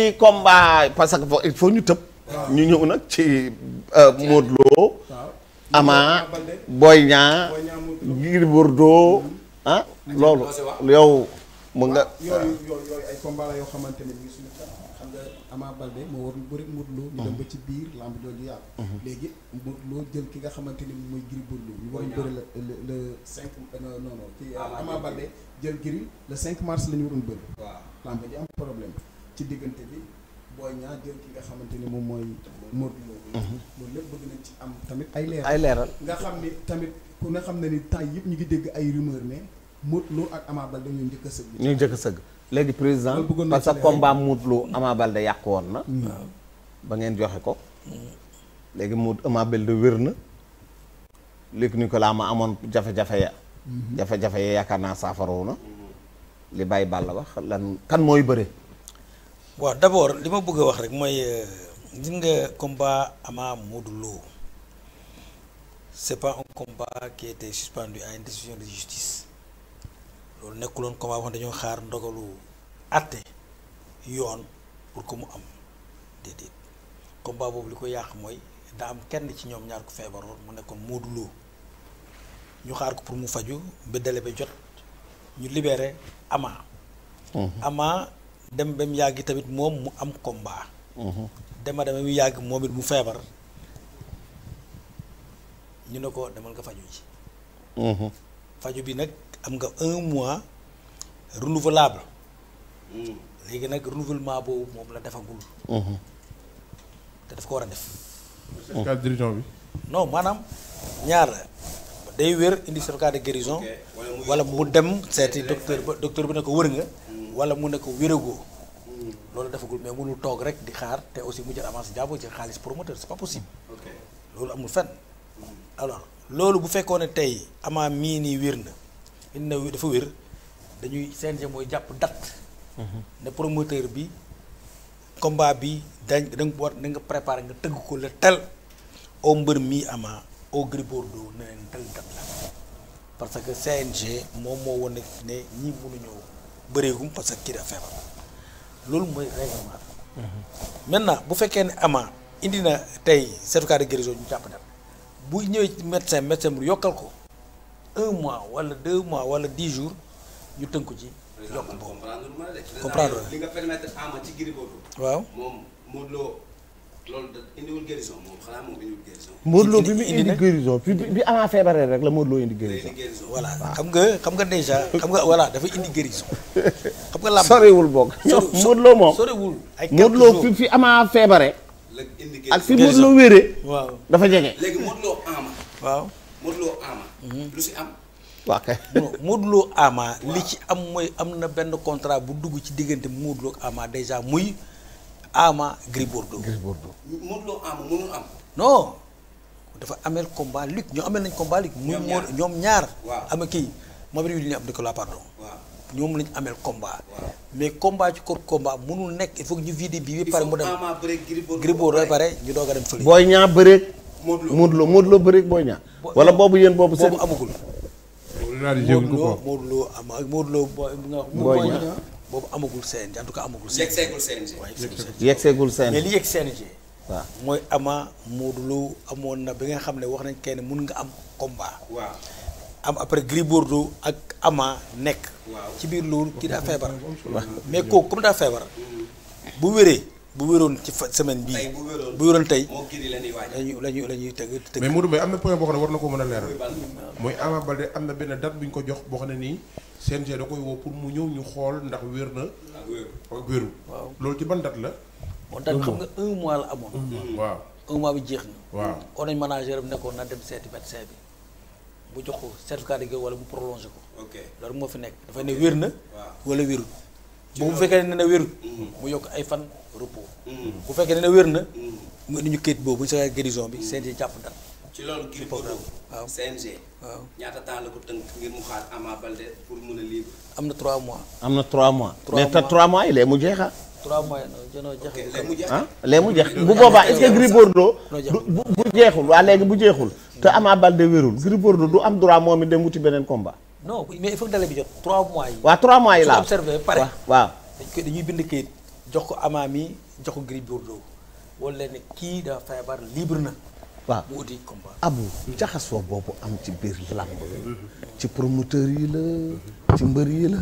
ci combat parce que il faut ñu tëb. ñu ñëw nag ci euh, Modou Lo. Ama Boy Niang. Gris Bordeaux mm-hmm. ah loolu. yow mu nga. ay combat la yoo xamante ne bii suñu xam nga Ama Balde moo waroon bëri Modou Lo. ci biir lamb jooju mm-hmm. léegi Modou Lo jël ki nga xamante ni mooy Gris Bordeaux. ñu waroon bëri jël Gris le cinq mars lañu ñu waroon bëri. ci diggante bi Boy Niang jël nga xamante ni moom mooy Modou mhm. loolu lépp bëgg nañ ci am tamit ay leeral ay leeral nga xam ni tamit ku ne xam ne ni temps yëpp ñu ngi dégg ay rumeur ne Modou ak Ama Baldé ñoo a sëgg njëkk sëgg léegi président parce que combat Modou Lo Ama Baldé yàqu woon na mm. ba ngeen joxe ko mm. léegi Modou Ama Baldé wér na léegi ni ko laa ma amoon jafe-jafe ya mm-hmm. jafe-jafe ya yaakaar naa saafarawu na li bàyyi bàll wax lan kan mooy bëre waaw d'abord li ma bëgg wax rek mooy euh, gis nga combat Ama Modou Lo c'est pas un combat qui était suspendu à une décision de justice loolu nekkuloon combat wax dañoo xaar ndogalu àtte yoon pour que mu am déedéet combat boobu li ko yàq mooy da am kenn ci ñoom ñaar ko feebaroon mu nekkoon Modou Lo ñu xaar ko pour mu faju ba délai ba jot ñu libeere Ama. Mhm. Ama. dem ba mu yàgg tamit moom mu am combat. dema mhm. dema mu yàgg moom it mu feebar ñu ne ko demal nga faju ji mhm. faju bi nag am nga un mois renouvelable mm. léegi nag renouvellement boobu moom la defagul mhm. te daf ko war a def guérison bi non maanaam ñaar day wér indi certificat de guérison wala mu dem seeti docteur ba docteur bi ne ko wër nga wala mu ne ko wérégoo loolu defagul mais mënul toog rek di xaar te aussi mu jël avance jàppoo ci xaalis promoteur c'est pas possible loolu amul fenn alors loolu bu fekkoon ne tey amaa mii nii wér na indi na dafa wér dañuy CNG mooy jàpp date mhm. ne promoteur bi combat bi dañ da da nga préparer nga tëgg ko le tel au mbër mii ama au Gris Bordeaux leen tel parce que CNG moom moo woon ne ñi mënuñoo bëreegum parce que kii dafa feebar loolu mooy règlement mhm. maintenant bu fekkee ne ama indi na tey certificat de guérison ñu jàpp dem bu ñëwee ci médecin médecin bu yokkal ko un mois wala deux mois wala dix jours ñu tënku ci. yokk boobu comprendre li nga permettre ama ci Gris Bordeaux waaw moom Modou loolu indiwul guérison bi mu indi guérison bi bi avant feebaree rek la Modou Lo indi guérison. voilà xam nga xam nga déjà xam nga voilà dafa indi guérison. xam nga làmb soriwul boog. Modou Lo moom soriwul ay Modou Lo fi fi avant feebaree. la indi ak fi Modou Lo dafa jege. léegi Modou Lo Ama. li ci am mooy am na benn contrat bu dugg ci diggante Modou Lo Ama déjà muy. Ama Gris Bordeaux. Gris Bordeaux. Modou Lo Ama mënul am. non dafa ameel combat Luc ñoo ameel nañ combat Luc. ñoom ñaar muy ñoom ñaar. waaw ama kii Mamadou William Abdoulaye pardon. ñoom lañ ameel combat. mais combat ci kóor mënul nekk il faut ñu vider bii ba pare mu dem. Ama bëreeg Gris Bordeaux Gris Bordeaux pare ñu doog dem fële. Boy Niang bëreeg. Modou Lo Modou Lo Modou Lo wala boobu yéen boobu seen boobu amagul. Modou Lo Modou Lo Ama Modou Lo Boy boobu amagul CNG en tout amagul. CNG yegseegul CNG waaye yegseegul CNG mais li yegg CNG. mooy Ama Modou lu amoon na bi nga xam ne wax nañ ne mun nga am combat. waaw am après Gris Bordeaux ak Ama nekk. ci biir loolu kii daa feebar. mais kooku comme daa feebar bu wéree. bu wéroon ci semaine bii. bu wéroon tey lañuy lañuy la ñuy tëgg mais Modou Mbaye am na point boo xam ne war na ko a leeral mooy Ama ko jox boo xam ne nii CNG da koy woo pour mu ñëw ñu xool ndax wér na. ak wéru waaw loolu ci ban date la. moom date xam nga mois la amoon. waaw un mois bi jeex na. waaw orange manager bi nekkoon na dem seeti médecin bi bu jox ko certificat de guérison wala mu prolongé ko. loolu moo fi nekk dafay ne wér na. wala wérul. ci bu fekkee ne wérul. Mm-hmm. mu yokk ay fan. repos. bu mm. fekkee ne wér na. Mm. mu indi ñu kayit boobu bu ñu bi CNG jàpp dal ci loolu Gris Bordeaux waaw CNG. waaw ñaata temps la ngir mu xaar Ama Baldé pour mun a libre. am na 3 mois. am na 3 mois. 3 mois mais te 3 mois yi lee mu jeexa. mu jeex ah, bu boobaa est-ce que Gris Bordeaux bu bu jeexul waa léegi bu jeexul. te hmm. Ama Baldé wérul Gris Bordeaux du am droit moom it dem wuti beneen combat. non mais il faut que délai bi mois yi. laa waaw dañuy bind kayit. jox ko Ama mi jox ko Gris Bordeaux wala ne kii daa feebar libre na. waa mu uti combat. abu jaxasoo boobu am ci biir làmb ci promoteur yi la. ci mbër yi la.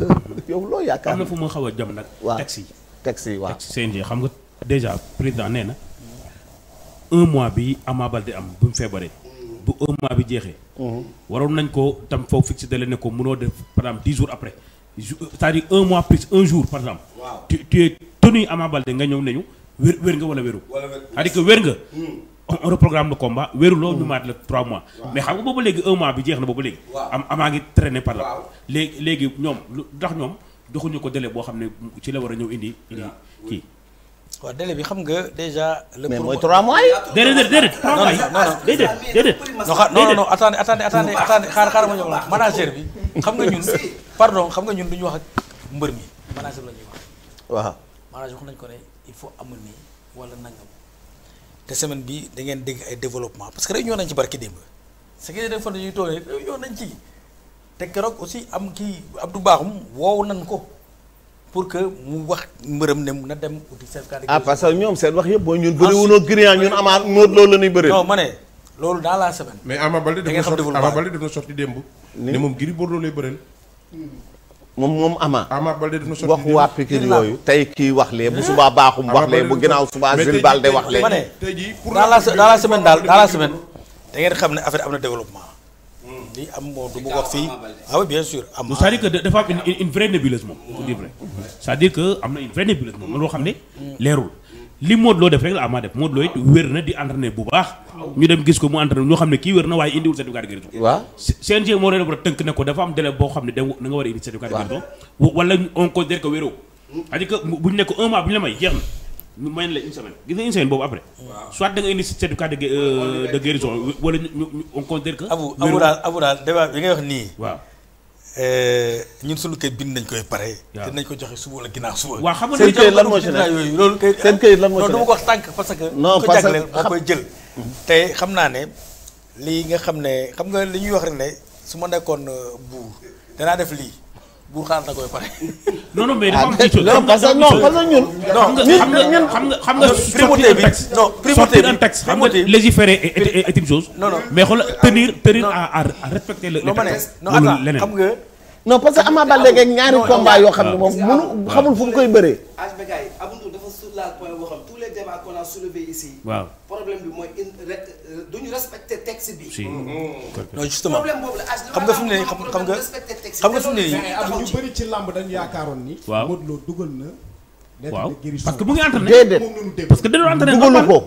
yow loo yaakaar am na fu mu xaw a jëm nag. waaw taxi taxi waaw CNG xam nga déjà président nee na un mois bi Ama Baldé am bu mu feebaree. bu un mois bi jeexee. Mhm. waroon nañ ko tam foofu fixé dalee ne ko mënoo def par exemple dix jours après euh, cest un mois plus un jour par exemple. waaw tenu Ama Baldé nga ñëw nañu wér wér nga wala wéru c'est-à-dire que wér nga hmm. on reprogramme le combat wéruloo hmm. ñu maat la 3 mois mais xam nga booba léegi un bi jeex na booba léegi am amaa ngi traîné par là léegi léegi ñoom lu ko délai boo xam ne ci la war a ñëw indi indi kii bi xam nga déjà. le mais mooy 3 mois yi. déedéet déedéet 3 mois yi déedéet déedéet. non non non attendez attendez attendez xaar xaar ma ñëw la manager bi xam nga ñun pardon xam nga ñun du ñu wax ak mbër mi manager la wax maanaam wax nañ ko ne il faut amul nii wala nangam te semaine bi da ngeen dégg ay développement parce que ñoo nañ ci barki démb ce qui dafa dañuy toog réunion nañ ci te keroog aussi am kii Abdou Bakhoum ko pour que mu ne na dem uti certificat de ah, que ñoom seen wax yëpp mooy ñun bëriwunoo ah, Guéréan ñun amaat loolu la ñuy bëri ma ne loolu dans la semaine mais Ama Baldé def na sorti démb ne moom Gris Bordeaux lay bëreel hmm. moom moom Ama. Ama Balde def na yooyu. tey kii wax lee bu subaa baaxum wax lee bu ginnaaw subaa Zil Balde wax lee. tey jii pour dans la dans la semaine daal dans la semaine. da ngeen xam ne affaire am na développement. li am moo du mu wax fii. ah oui bien sûr am na. c'est-à-dire que dafa am une une vraie nébuleuse moom. cest dire que am na une vraie nébuleuse moom loo xam ne leerul. li Modou Lo def rek la Ama def Modou wér na di entraîné bu baax ñu dem gis ko mu entraîné ñoo xam ne kii wér na waaye indiwul certificat de guérison ko dafa am délai boo xam ne da nga war a indi certificat de guérison wala on considère que wéroo c'est-à-dire que bu ñu ne ko un mois bu ñu la may jeex euh, de de abu daal abu daal débat bi ngay wax nii waaw Eh, ñun suñu kayit bind nañ koy pare. te nañ ko joxe suba wala ginnaaw suba. waaw xam nga seen kayit lan que. non parce que ko mhm. naa ne lii nga xam ne xam nga li ñuy wax rek ne su ma nekkoon euh, buur danaa def lii. buur xaar na koy pare. non non mais dafa am ci ah, non parce que non parce que ñun. xam nga ñun xam nga xam nga. primauté bi non primauté xam nga légiférer est une mais xool tenir tenir à à respecter le texte. leneen non parce que Ama Baldé ak ñaari combat yoo xam ne moom mënu xamul fu mu koy bëree. xam tous les débats qu'on a soulevé euh, mm-hmm. la yaakaaroon ni. waaw Modou Lo dugal na. waaw parce que mu que ko.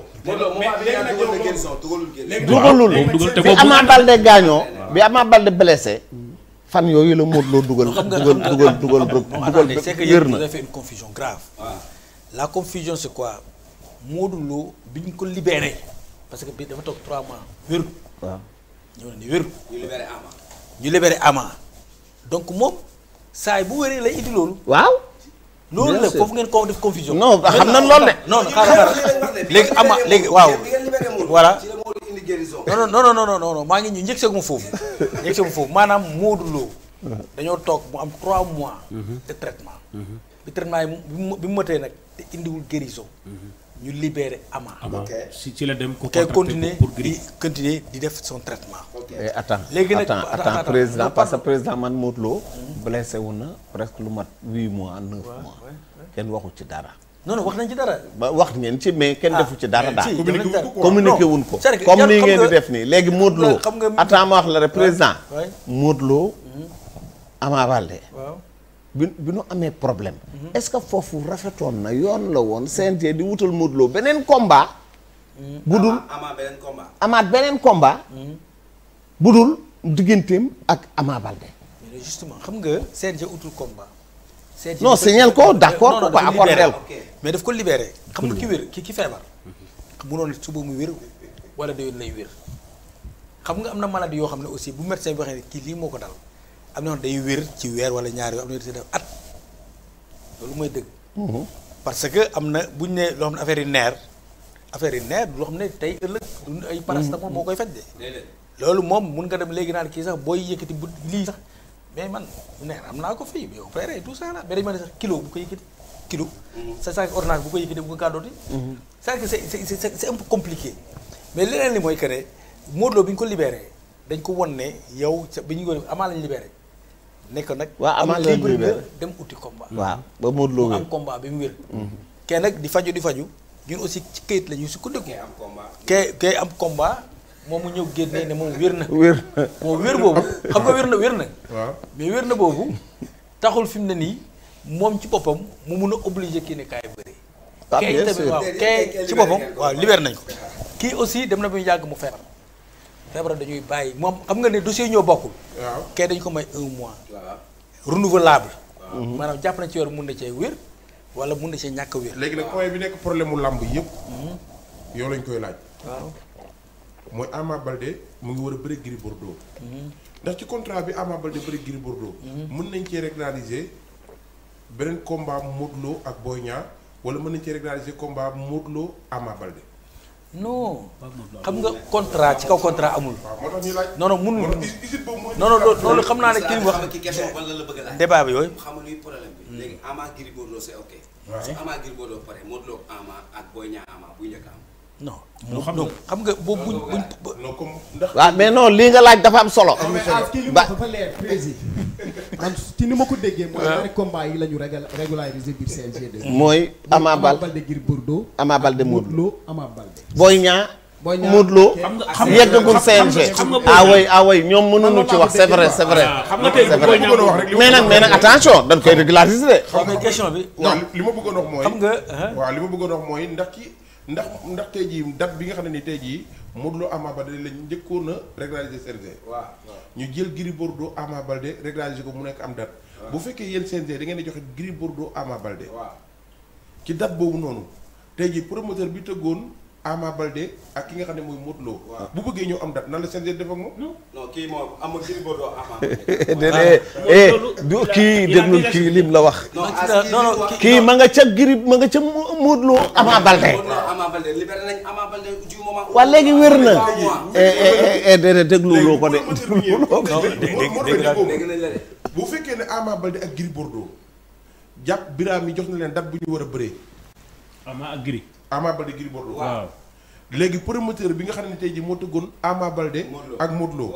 dugalul dugalul te Ama gaañoo bi Ama Baldé blessé fan yooyu la Modou Lo dugal. dugal dugal dugal dugal wér na fait une confusion grave. la confusion c'est quoi Modou Lo bi ñu ko libéré parce que bi dafa toog 3 mois wér. waaw ñëw na ni wér. ñu libéré Ama. ñu libéré Ama donc moom saa yi bu wéree lay indi loolu. waaw. loolu la foofu ngeen ko def confusion. non xam na loolu de. non xaaral léegi Ama léegi waaw. voilà. non non non non maa ngi ñu njëkk seegu ma foofu njëkk foofu maanaam Modou Lo dañoo toog mu am trois mois de traitement bi traitement bi mu matee nag te indiwul guérison ñu libéré Ama si ci la dem ko continuer di continuer di def son traitement attends léegi nag attends président parce que président man Modou Lo hmm. blessé wu na presque lu mat huit mois neuf mois kenn waxu ci dara non wax nañ ci dara. wax ngeen ci mais kenn ah, defu ci dara daal. communiqué wuñ ko comme ni ngeen di def nii léegi Modou Lo. xam nga attends ma wax la rek président. waay Modou mm-hmm. bi nu amee problème. Mm-hmm. est-ce que foofu rafetoon na yoon la woon CNG di wutal Modou beneen combat. Mm-hmm. budul amaat beneen combat. amaat beneen digganteem ak Ama xam nga CNG utul combat. non signal ko d' accord quoi accordé ko mais daf ko libéré xam nga ki wér ki ki feebar mënoon suba mu wér wala déwén lay wér xam nga am na maladie yoo xam ne aussi bu médecin bi waxee ne kii lii moo ko dal am na day wér ci weer wala ñaari yoo am na def at loolu mooy dëgg mhm. parce que am na bu ñu ne loo xam ne affaire yi neer affaire yi neer loo xam ne tey ëllëg du ay mhm. paracétamol moo koy faj de loolu moom mun nga dem léegi naan kii sax booy yëkkati bu lii mais man nee am naa ko fii mais opéré tout ça là mais dañu ma sax kilo bu ko yëkkati kilo. Mhm. sa saako ordonnance bu ko yëkkati bu ko gàddooti. Mhm. c'est que c'est c'est c'est un peu compliqué. mais leneen li mooy que ne bi ñu ko libeeree dañ ko won ne yow ca bi ñu ko amaa lañ libéré. nekk nag. waaw amaa lañ libéré dem uti combat. waaw ba Modou Lo wér am combat bi mu wér. Mhm. kenn nag di faju di faju ñun aussi ci këyit la su ko kee am combat kee kee am komba moom mu ñëw génnee ne moom wér na. wér moom wér boobu xam nga wér na wér nag mais wér na boobu taxul fi mu ne nii moom ci boppam mu mun a obligé kii ne kaay bëri. ah bien ci boppam waaw libéré nañ ko. kii aussi dem na bu ñu yàgg mu feebar. feebar dañuy bàyyi moom xam nga ne dossier ñoo bokkul. waaw dañ ko may un mois. renouvelable. Mhm. maanaam jàpp na ci weer mun na cee wér. wala mun na cee ñàkk a wér. léegi nag point bi nekk problème mu làmb yëpp. Mhm. yow lañ koy laaj. mooy Ama Balde mu ngi war a bëri Gris doo ndax ci contrat bi Ama Balde bëri Gris Bordeaux. mën nañ cee régulariser beneen combat Modou Lo ak Boy Niang wala mën nañ cee régulariser combat Modou Lo Ama Balde. non xam nga contrat ci kaw contrat amul. waaw non non mënul non non loolu xam naa ne kii wax. débat bi yooyu. xam nga luy problème bi. léegi Ama Gris Bordeaux c'est ok. ak Boy Niang am. non xam nga xam nga boobu buñ buñ. waaw mais non lii nga laaj dafa am solo. am solo kii li ma dafa ni ma ko déggee. mooy ah. ñaari combat yi la ñu régulariser biir CNG. mooy Ama Baldé Gris Bordeaux. Ama Baldé Modou Lo Ama Baldé. Boy Niang. Boy loo Modou Lo. xam nga yeggagul CNG. xam nga ah oui ah oui ñoom mënuñu ci wax c'est vrai c'est vrai. Ah, xam nga attention dañ koy régulariser li ma bëggoon wax mooy. xam nga. waaw ma bëggoon wax mooy ndax ndax ndax tey jii date bi nga xam ne ni tey jii Modou Lo Ama Baldé lañ njëkkoon a régulariser CNG. waaw ñu jël Gris Bordeaux Ama Baldé régulariser ko mu nekk am date. bu fekkee yéen CNG da ngeen di joxe Gris Bordeaux Ama Baldé. waaw ci date boobu noonu tey jii promoteur bi tëggoon. Ama Baldé ak ki nga xam ne mooy Modou Lo. bu bëggee ñëw am date nan la seen def ak moom. non kii moom am na Gris Bordeaux Ama. Eh, du kii déglul kii lim la wax. non kii ma nga ca Gris ma nga ca Modou Lo Ama Baldé. Ama Baldé libéré nañ Ama Baldé du moment. waa léegi wér na. Eh, eh, déedéet déglu loo ko de. dégg nañ la de. bu fekkee ne Ama Baldé ak Gris Bordeaux jàpp biraam yi jox na leen date bu ñu war a bëree. Ama ak Gris. Ama Baldé Gris Bordeaux. waaw léegi promoteur bi nga xam ne tey jii moo tëggoon Ama Baldé. ak Modou Lo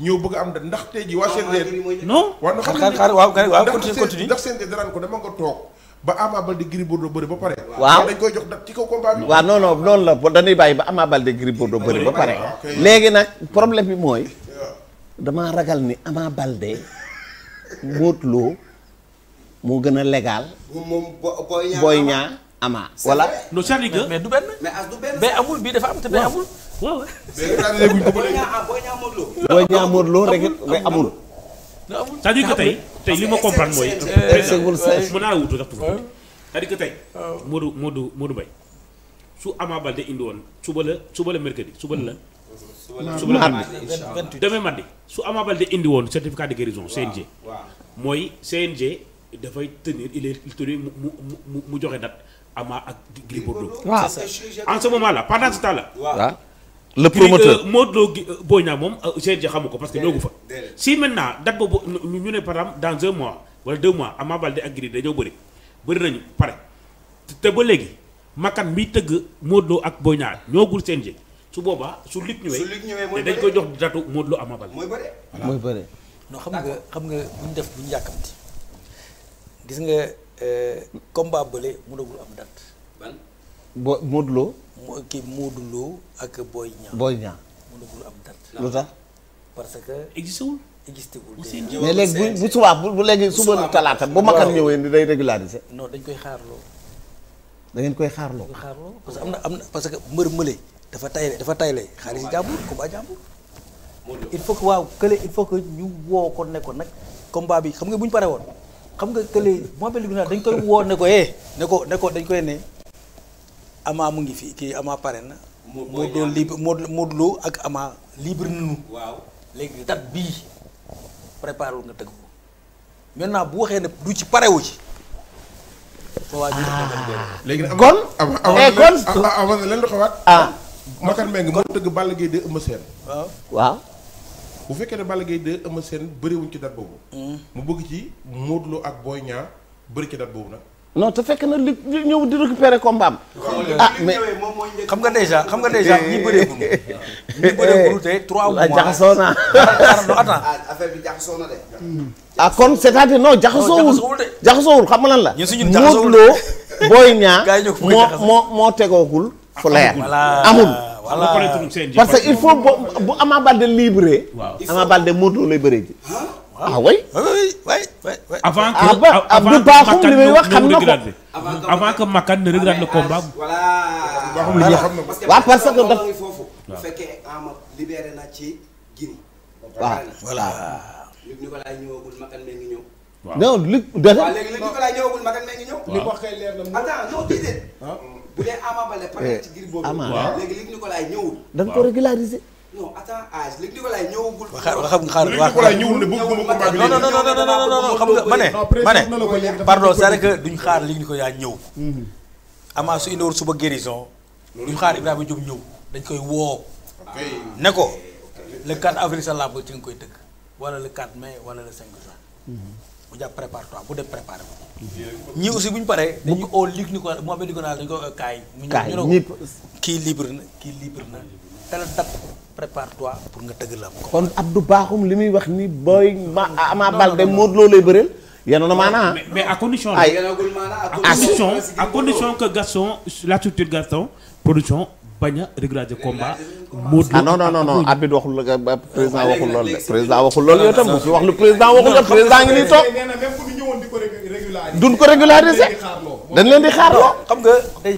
ñëw bëgg am date ndax tey jii waa CNG. non waaw xam nga waaw continue continue ndax CNG danaan ko dama nga toog. ba Ama Baldé Gris Bordeaux ba pare. waaw dañ koy jox date ci kaw combat bi. waaw non non noonu la dañuy bàyyi ba Ama Baldé Gris Bordeaux bëri ba pare. léegi nag problème bi mooy. damaa ragal ni Ama Baldé Modou Lo moo gën a légal. moom ama voilà non cest à bii dafa am te bee amul. tey tey li ma comprendre mooy. mën naa la wutu sax tuuti. c'est-à-dire que tey. Modou Modou Modou Mbaye su Ama Baldé indi woon suba la suba la mercredi suba la. suba la mardi demain mardi su Ama Baldé indi woon certificat de guérison CNG. mooy CNG dafay tenir il est mu mu mu joxe date. Ama ak Gris Bordeaux. waaw en ce moment là pendant ce temps là. waaw le promoteur euh, Modou Lo euh, moom GRG euh, ko parce que ñoogu fa. maintenant date boobu ñu ne par exemple dans mois wala deux mois Ama Baldé ak Gris dañoo bëri bëri nañu pare te ba léegi makkan mi tëgg Modou ak Boy Niang ñoogul CNG su boobaa su lig ñëwee. dañ koy jox datu Modou Lo Ama Baldé. mooy bëre noo bëre. non xam nga xam nga bu def bu yàkkamti gis nga. Euh, combat bële mënagul am date. ban bo Modou moo kii Modou Lo ak Boy Niang. Boy Niang lu tax parce que. existé wul existé wul. mais léegi bu bu subaa bu léegi suba talaata bu makan ñëwee ni day régulariser. dañ koy xaarloo. da ngeen koy xaarloo. koy parce que am na am na parce que mbër mële dafa tayle dafa tayle xaalis jàmbur combat jàmbur. il faut que waaw kële il faut que ñu woo ko ne ko nag combat bi xam nga buñ pare woon. xam nga kële moom la dañ koy woo ne ko eh ne ko ko dañ koy ne Ama mu ngi fi kii Ama pare na. Modou Lo libre Modou Lo ak Ama libre nañu. waaw léegi date bii préparé nga tëgg ko maintenant bu waxee ne du ci parewu ci. léegi nag kon amoon leen lu xawaat. ah Makar moo tëgg Balla Gaye de Eumeu Sène waaw. bu fekkee ne Balla Gaye 2 Eumeu Sène bëriwuñ ci date boobu. Mm. mu bëgg ci Modou ak Boy ñaa bëri ci date boobu nag. non te fekk na li ñëw di récupérer combat am. ah mais xam nga déjà xam nga déjà a bëree gunu. ñi bëree gunu te 3 mois jaxasoo ah, affaire bi jaxasoo na de. Mm. ah kon c'est-à-dire non jaxasoowul jaxasoowul xam nga lan la. ñun suñu jaxasoowul Modou Lo Boy Niang. moo moo moo tegoogul. fu leer amul. voilà parce que il faut bu Ama Baldé libéré. waaw Ama Baldé Modou Lô lay bëree ji. Ah, ah oui. oui avant ah, que ah, Abdou Bakhoum li may wax xam na ko. avant que parce que daf bu fekkee Ama libéré na ci Guinée. waaw voilà. Luc Nicolaï ñëwagul Makan bu dee Ama Baldé pare ci ngir boobu. Ama léegi Luc Nicolaï ñëwul. da nga ko régulariser. non attends âge Luc Nicolaï ñëwagul. xam nga xaar Luc Nicolaï ñëwul ne bëgguma combat bi non non non non non xam nga ma ne. ma ne pardon c'est que duñ xaar Luc Nicolaï ñëw. Ama su indiwoon suba guérison. duñ xaar Ibrahima Diop ñëw dañ koy woo. ne ko le 4 avril sa làmb ci nga koy tëgg wala le 4 mai wala le 5 juin. mu jàpp prépare toi bu dem préparé ko. ñii aussi bu ñu paree. dañuy oo lig ni ko moo amee liggéey naa dañu ko kaay. mu kii libre na kii libre na tel date prépare pour nga tëgg la am. kon Abdou Bakhoum li muy wax ni booy. ma Ama Baldé Modou Lo lay bëreel. yéen a maanaa mais condition. ay à condition à condition que Gaston la structure Gaston production. bañ a régulariser combat. ah non non non Abid waxul la président lool de. président waxul lool ah, yow tam bu fi wax lu président toog. duñ ko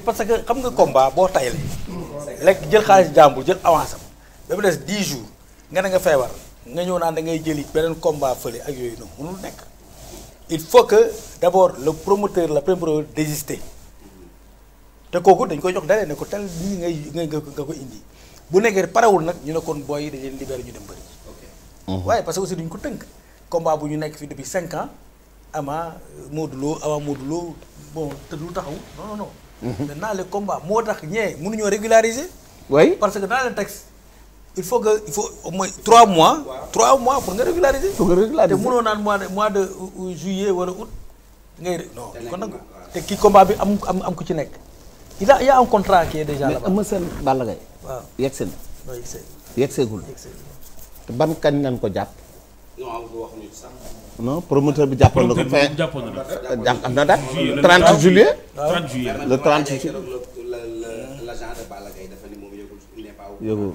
parce que xam nga combat boo tayal. lekk jël xaalis jàmbur jël avance am. nga ne nga feebar nga ñëw naan da ngay jëli beneen combat ak yooyu noonu mënul nekk. il faut que d' abord le promoteur la premier désister. te kooku dañ koy jox dalee ne ko tel nii ngay ngay nga ko indi bu nekkee parewul nag ñu ne kon booy yi ñu dem bëri mhm. waaye parce que aussi duñ ko tënk. combat bu ñu nekk fii depuis cinq ans ama Modou Lo ama Modou te lu taxaw non non non. Mhm. moo tax ñee mënuñoo régulariser. oui parce que dans le texte. il faut que il faut au moins trois mois. trois mois pour nga régulariser. pour nga régulariser te mënoo naan mois de mois de juillet wala août. ngay non kon nag te kii combat bi am am am ku ci nekk. il a il y a un contrat qui est déjà là-bas mais Eumeu Sène Balla yegsi na. yegseegul te ban kañ nañ ko jàpp. non promoteur bi jàppoon na ko. jàppoon na ko jàpp na date. 30 juillet 30 juillet le 30 juillet. yëgul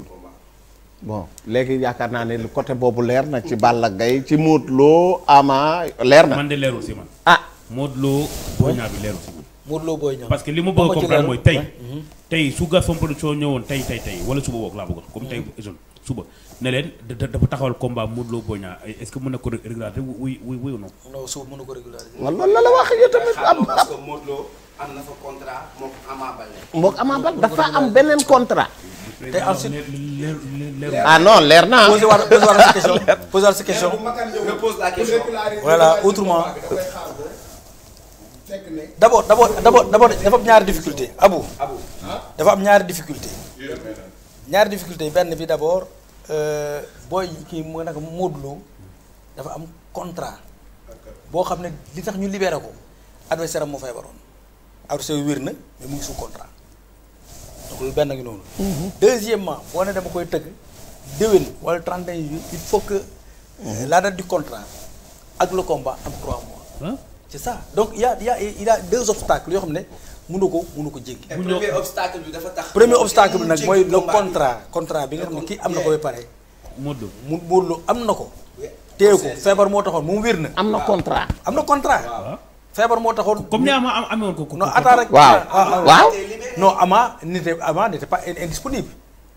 bon léegi yaakaar naa ne lu côté boobu leer na ci Balla Gaye ci Modou Lo Ama leer na. man de leerul si man. ah Modou Lo Boy bi leerul. Modou Lo Boy Niang parce que li ma bëgg a comprendre mooy tey tey su Gaston production ñëwoon tey tey tey wala suba woog laa bëggoon comme tey suba ne dafa taxawal combat Modou Lo Boy na ko régulariser oui la la wax yow tamit am ah, parce que Modou am dafa am beneen contrat te ensuite ah non leer na ah. poser wàllu poser d' abord d' abord d' abord d' abord dafa am ñaari difficulté ah? dafa am ñaari difficulté ñaari difficulté benn bi d' abord euh, booy kii mu nag Modou dafa am contrat boo xam ne li tax ñu libéré ko adversaire am moo feebaroon adversaire wér na mais mu ngi contrat lu benn ngi noonu mhm. deuxièmement boo ne dama koy tëgg déwén wala 31 juillet il faut que euh, la contrat ak le combat am trois mois c'est ça donc il y a il y yoo xam ne mënu ko mënu ko jéggi. premier obstacle bi dafa tax. premier obstacle bi nag mooy le contrat bi nga xam ne kii am na ko ba pare. Modou Lo Modou Lo am na ko. téye moo taxoon moom wér na. am na contrat. am na contrat. feebar moo taxoon. comme ni Ama a ko. non attaque rek. waaw ah, ah, ah. waaw pas indisponible.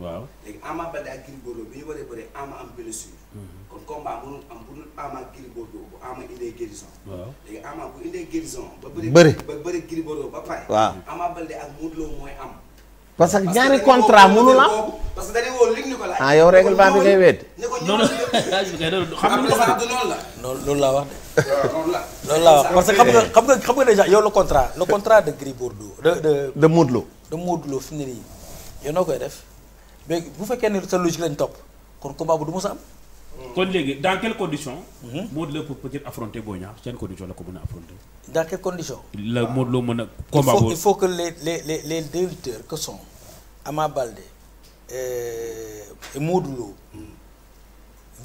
waaw léegi Ama Baldé ak Gris bi ñu waree am blessure mm-hmm. kon combat mënul am mooy am parce que ñaari contrat mënul am que dañuy woo lig ñu ko laaj ah yow règlement bi ngay wéet xam nga noonu la loolu laa wax parce que xam nga xam nga xam nga yow le contrat le contrat de Gris Bordeaux de de de de Modou Lo fi mu noo koy def léegi bu fekkee ne sa logique lañ topp kon combat bu du mos a am. kon léegi dans quelles conditions. Mhm. Modou Lo pour peut être affronter Boy seen condition la ko mën a affronter. dans quelles conditions. la ah. Modou mën a. combat boobu il faut que les les les les que son Ama Baldé euh, et Modou Lo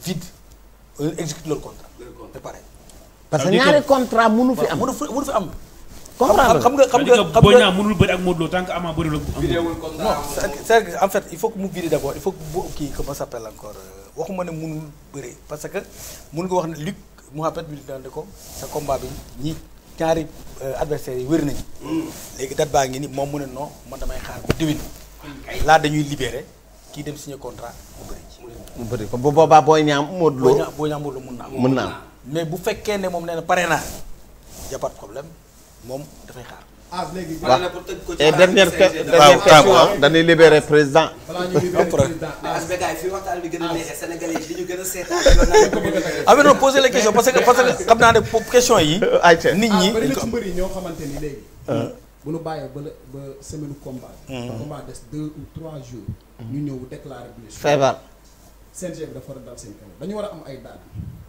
vide euh, exécute leur contrat. leur parce que ñaari contrat mënu fi am mënu fi am. comprendre xam nga xam nga xam nga Boy Niang mënul bëri ak Modou Lo tant que Ama bëri la. non en fait il faut que mu vider d'abord il faut que bu kii comment s'appelle encore euh, ne mënul bëri parce que mën nga wax ne Luc Mouhamed bi daan ko sa combat bi ñi ñaari euh, adversaires yi wér nañu. Mm. léegi baa ngi ni moom mu ne non man damay dañuy libéré kii dem signé contrat mu bëri mu bëri kon bu boobaa Boy Niang Modou Lo Boy Niang Modou Lo mën naa am. mais bu fekkee ne moom nee na pare naa y problème. moom dafay xaar. ah léegi et dernière question président. Ah. Ah. Ah, mais non poser les questions parce que parce que xam naa ne question yi. Euh, ayca nit ñi. bëri ñoo xamante ni léegi. Euh. bu nu bàyyee ba ba semaine combat. Mmh. combat des deux ou trois jours. Mmh. ñu ñëw déclaré blessure. feebar. CNG bi dafa war a dal seen kanam dañu war a am ay daan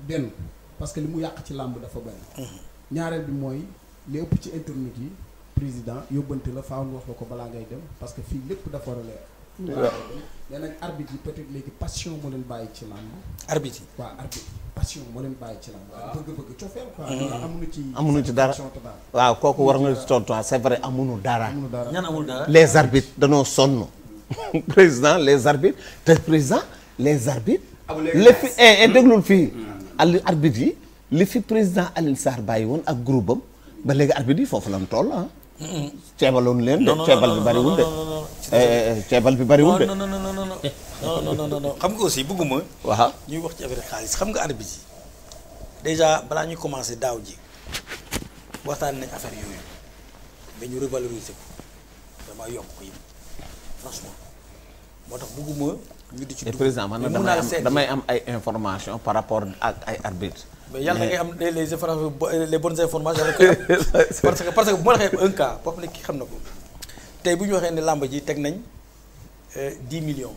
benn parce que li mu yàq ci làmb dafa bëri. Mmh. ñaareel bi mooy. li ëpp ci internet yi président yóbbante la faaw ñu wax la ko balaa ngay dem parce que fii lépp dafa war a leer léegi passion moo leen bàyyi ci làmb. arbitre yi waaw arbitre passion moo leen bàyyi ci làmb. Mm-hmm. ci amuñu ci dara waaw kooku war nga ci tontu c'est vrai amuñu dara. ñan amul dara les arbitres danoo sonn président les arbitres te président les arbitres. li fi eh, eh déglul fii. al arbitres yi li fi président Alioune Sarr bàyyi woon ak groupe am ba léegi arbitre yi foofu lan toll ah. ceebaloon leen de ceebal bi bariwul de. ceebal bi bariwul de. non non non non non non non non xam nga aussi bëgguma. waaw ñuy wax ci affaire xaalis xam nga arbitre yi déjà balaa ñu commencé daaw ji waxtaan nañ affaire yooyu mais ñu revaloriser ko vraiment yokk ko yëpp franchement moo tax bëgguma ñu di ci. dugg président man damay am damay am ay information par rapport ak ay arbitre mais yàlla na ngay am les les bonnes informations parce que parce que bu ma waxee un cas boo ne kii xam na ko tey bu ñu waxee ne làmba ji teg nañ euh, dix millions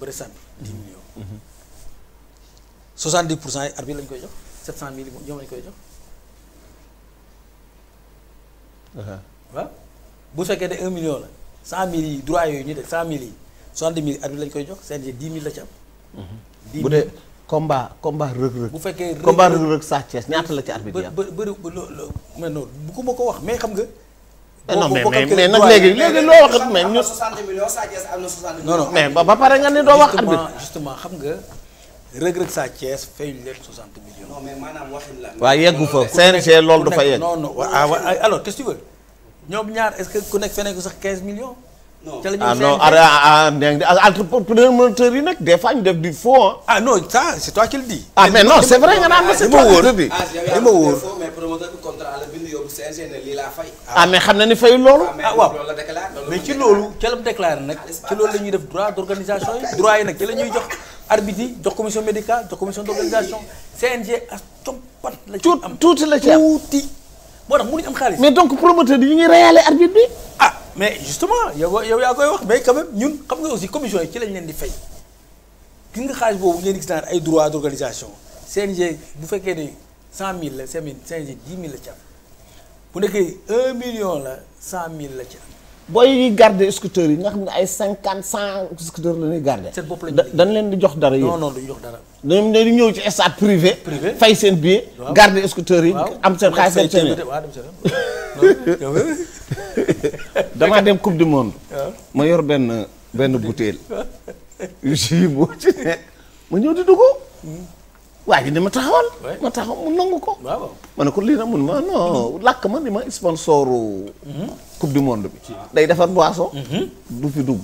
bëri sànni dix millions. Mm-hmm. Mm-hmm. soixante dix pour cent yi arbitre lañ koy jox sept cent mille ñoom koy jox. Uh-huh. bu fekkee de un million la cent mille yi droit yooyu ñu def cent mille yi soixante dix mille arbitre lañ koy jox seen dix mill la ci am. Mm-hmm. combat combat rëg-rëg. bu fekkee rëg Sa Thiès ñaata la ci arbitre bi. ba ba ba non bëgguma ko wax mais xam nga. Eh non mais mais nag léegi léegi loo wax mais ñu. 60 millions Sa Thiès am na 60 mais ba pare nga ne doo wax. arbitre justement xam nga. rëg-rëg Sa Thiès fayuñu leen 60 millions. maanaam waxin la. waaw yeggu fa CNG loolu du fa yegg. non non alors ñoom ñaar est-ce que ku nekk feneen ko sax 15 millions. ah non ah, ah, ah entrepreneur moteur yi nag des fois ñu def du faux ah non ça c'est toi qui le dis. ah mais non c'est vrai nga naan ma c'est toi qui ah, ah mais xam na ni fayul loolu. ah waaw mais ci loolu. ca la mu déclaré nag ci loolu la def droit d'organisation yi droit yi nag ci la ñuy jox arbitre jox commission médicale jox commission d'organisation CNG ak compat am tuuti la ci am tuuti. moo tax mënuñu am xaalis. mais donc promoteur bi ñu ngi reyaale arbitre bi. ah mais justement yow yow yaa koy wax mais quand même ñun xam nga aussi commission yi ci lañ leen di fay gis nga xaalis boobu ngeen gis naan ay droits d'organisation CNG bu fekkee ne cent mille la CNG dix mille la ci am bu nekkee un million la cent mille la ci booy yi garder scooters yi nga xam ne ay cinquante cent scooters la ñuy garder. seen bopp lañuy dañ leen di jox dara yéen. non non duñ jox dara. dañu dañu ñëw ci stade privé. privé fay seen billet. waaw garder scooters yi. am seen xaalis seen cër damaa dem coupe du monde. ma yor benn benn bouteille. jus boo ci ne ma ñëw di dugg. Hmm. waa ji ne ma taxawal. ma taxaw mu nongu ko. waaw ma ne ko lii na mun ma non làkk ma ni ma sponsoru. coupe du monde bi. Mm-hmm. day defar boisson. Mm-hmm. du fi dugg.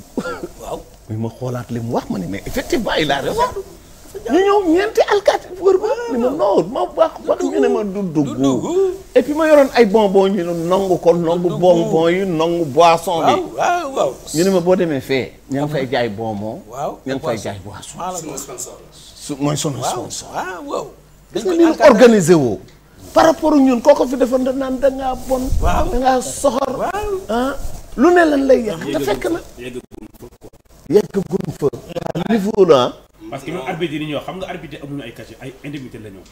muy ma xoolaat li mu wax ma ne mais effectivement il a raison. ñu ñëw ñeenti alkaati wër ba ma wax wax ñu ne ma du dugg. et puis ma yoroon ay bonbon ñu ne nangu ko nangu bonbon yi nangu boisson bi. ñu ne ma boo demee fee. ña ngi fay jaay bonbon. waaw ña ngi fay jaay boisson. su mooy sunu sponsor waaw waaw dañ ko ñu organisé woo par rapport ak ñun kooku fi defoon da naan da ngaa bon da ngaa soxor ah lu ne lan lay yàq te fekk na yeggaguñ fa niveau la parce que même arbitre yi ñoo xam nga arbitre amuñu ay cachet ay indemnité la ñoo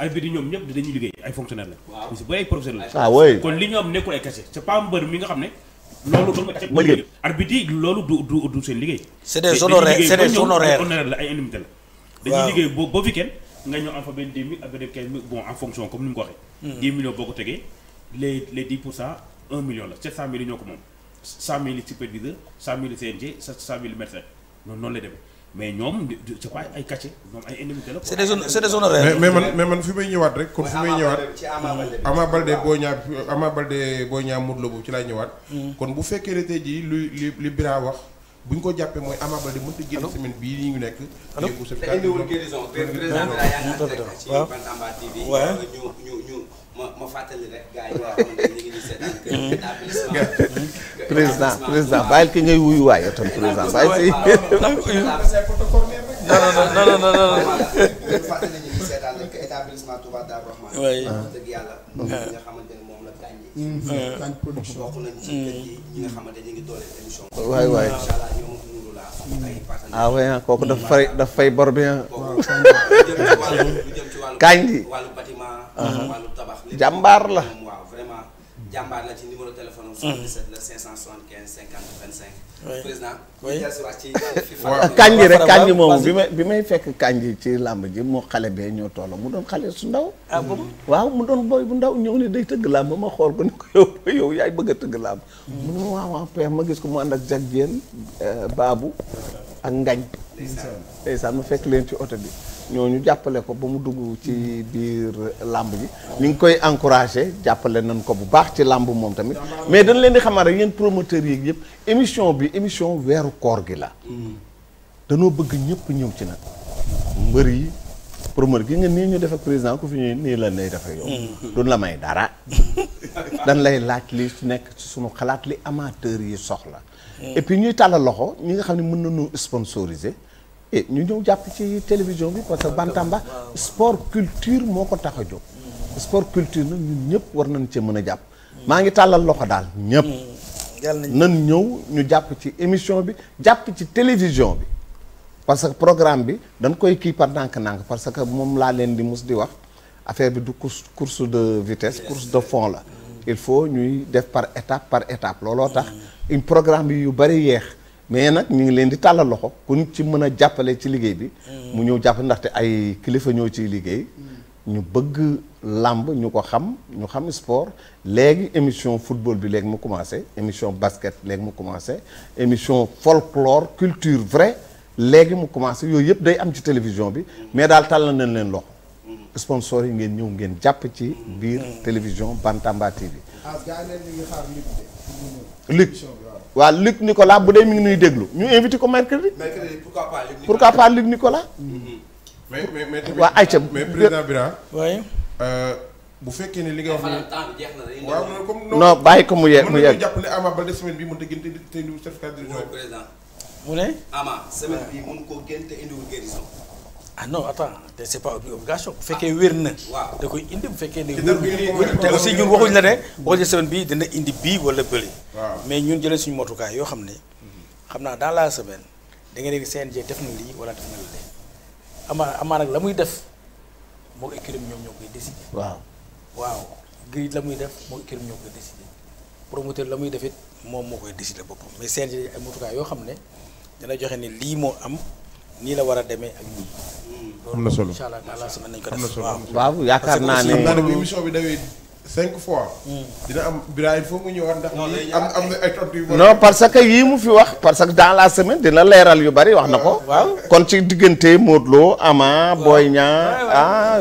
arbitre ñoom ñëpp dañuy liggéey ay fonctionnaire la ñu si ay professionnel la ah, kon li ñoo am nekkul ay cachet c'est pas mbër mi nga xam ne loolu ba nga loolu du du du seen liggéey c'est des honoraires c'est des honoraires la ay indemnité la dañuy liggéey boo ba weekend nga ñëw am fa benn dix mille ak benn quinze mille bon en fonction comme ni mu ko waxee. Hmm. dix millions boo ko tegee les les dix pour cent un million la sept cent mille ñoo ko moom cent mille superviseur cent mille CNG cent mille médecin noonu noonu lay mais ñoom c'est pas ay cachet ñoom ay indemnité la. c'est des c'est des honoraires. mais man mais man fi may ñëwaat rek. kon fi may ñëwaat Ama Baldé boo ñaa Ama Baldé boo ñaa hmm. Modou Lo boobu ci laay ñëwaat. Hmm. kon bu fekkee ne tey jii bu ñu ko jàppee mooy Ama Baldé mënut a génn semaine bii nii ñu nekk. allo dañu ne woon guérison. président bi yaa ngi nekk ci Bantamba TV. waaw ñu ñu ñu ma ma fàttali rek gars yi waaw man dañu ngi seetaan kër mm-hmm. mm-hmm. établissement. président président bàyyil ki ngay wuyu waaye tam président bàyyil ah, si. non non non non non. fàttali ñu ngi seetaan rek établissement Touba Darou Rahman. waaye dëgg yàlla. Mm-hmm. nga xam tant production bokk nañ ci kër gi ñi waay waay incha allah kooku daf fay daf fay bor bi ah wàllu bâtiment wàllu tabax jàmbaar la waaw vraiment jàmbaar la ci numéro téléphone 77 la 575 50 président kanji rek kanji moomu bi may bi may fekk kanji ci làmb ji moo xale bee ñoo tolloo mu doon xale su ndaw ah, waaw mu doon boy bu ndaw ñëw ne day tëgg làmb ma xool ko ne ko yow yaay bëgg a tëgg làmb mu ne ma waaw waaw peex ma gis ko mu ànd ak jag Diène euh, baabu ak Ngañ ndeysaan mu fekk leen ci oto bi ñooñu jàppale ko ba mu dugg ci biir làmb ji ni ngi koy encouragé jàppale nañ ko bu baax ci làmb moom tamit mais dañ leen di xamal rek yéen promoteurs yi yëpp émission bi émission weeru koor gi la danoo bëgg ñëpp ñëw ci nag mbër yi promoteur gi nga nii ñu def président ku fi ñuy nii la lay dafa yow duñ la may dara dañ lay laaj li su nekk ci suñu xalaat li amateur yi soxla et puis ñuy tàllal loxo ñi nga xam ne mën nañu sponsoriser Eh, ñu ñëw jàpp ci télévision bi parce que Bantamba sport culture moo ko tax a jóg sport culture nag ñun ñëpp war nañ ci mën a jàpp maa ngi tàllal loxo daal ñëpp nan ñëw ñu jàpp ci émission bi jàpp ci télévision bi parce que programme bi dañ koy kii par ndànk-ndànk parce que moom laa leen di mus di wax affaire bi du course course de vitesse course de fond la il faut ñuy def par étape par étape looloo tax une programme bi yu bari yeex mais nag ñu ngi leen di tàllal loxo kun ci mën a jàppale ci liggéey bi mm. mu ñëw jàpp ndaxte ay kilifa ñoo ciy liggéey mm. ñu bëgg làmb ñu ko xam ñu xam sport léegi émission football bi léegi mu commencé émission basket léegi mu commencé émission folklore culture vraie léegi mu commencé yooyu yëpp day am ci télévision bi mais daal tàll nañ leen loxo mm. sponsor yi ngeen ñëw ngeen jàpp ci biir télévision Bantamba TV. ah gars yi waa Luc Nicolas bu dee mi ngi nuy déglu ñu invité ko mercredi. pour pourquoi pas Luc Nicolas pourquoi pas Luc Nicolas. Mm-hmm. mais mais mais tamit waa Aïcha. mais président Birame. oui. Euh, bu fekkee ne li nga wax ni waaw comme non bàyyi ko mu ye mu yegg mën jàpp ne Ama Baldé semaine bii mën a gënte te indiwul certificat mu ne. Ama semaine bii mën koo gënte indiwul Ah, non attends te c'est pas obligation bu fekkee wér na. da koy indi bu fekkee nii ne. te aussi ñun waxuñ la ne. waxuñ semaine bii dana indi bii wala bële. mais ñun jëlee suñu motukaay yoo xam ne. xam naa dans la semaine da nga dégg CNG def na lii wala def na lii amaana la muy def moo écurie ñoom ñoo koy décider. waaw waaw la muy def moo écurie ñoo koy décider promoteur la muy def it moom moo koy décider boppam mais CNG ay motukaay yoo xam ne dana joxe ne lii moo am nii la war a demee ak nii. am na solo waaw yaakaar naa ne émission bi dawee cinq fois. Hmm. dina am Birahim foofu mu parce que yii mu fi wax parce que dans la semaine dina leeral yu bari wax na ko. kon ci diggante Modou Lo Ama Boy Niang ah.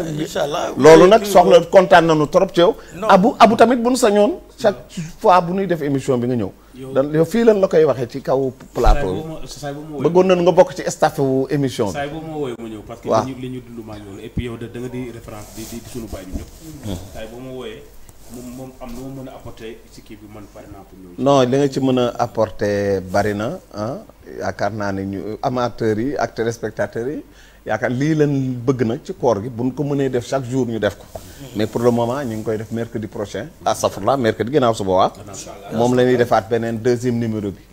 loolu nag soxla kontaan nu trop ci yow. abu abu tamit bu nu sañoon chaque fois bu nuy def émission bi nga ñëw. dan yow fii lan la koy waxee ci kaw plateau bëggoon nañ nga bokk ci staff wu émission bi saay boobu ma ñëw parce que li ñu dund maa ñëw et puis yow da nga di référence di di suñu bàyyi ñu ñëpp hmm. saay boobu moom am lu ma mën a apporter ci kii bi man par exemple non nga ci mën a apporter bari na ah yaakaar naa ne ñu amateurs yi ak téléspectateurs yi yaakaar lii leen bëgg nag ci koor gi bu buñ ko mënee def chaque jour ñu def ko mais pour le moment ñu ngi koy def mercredi prochain à safrla mercredi ginnaaw suba waa moom la ñuy defaat beneen deuxième numéro bi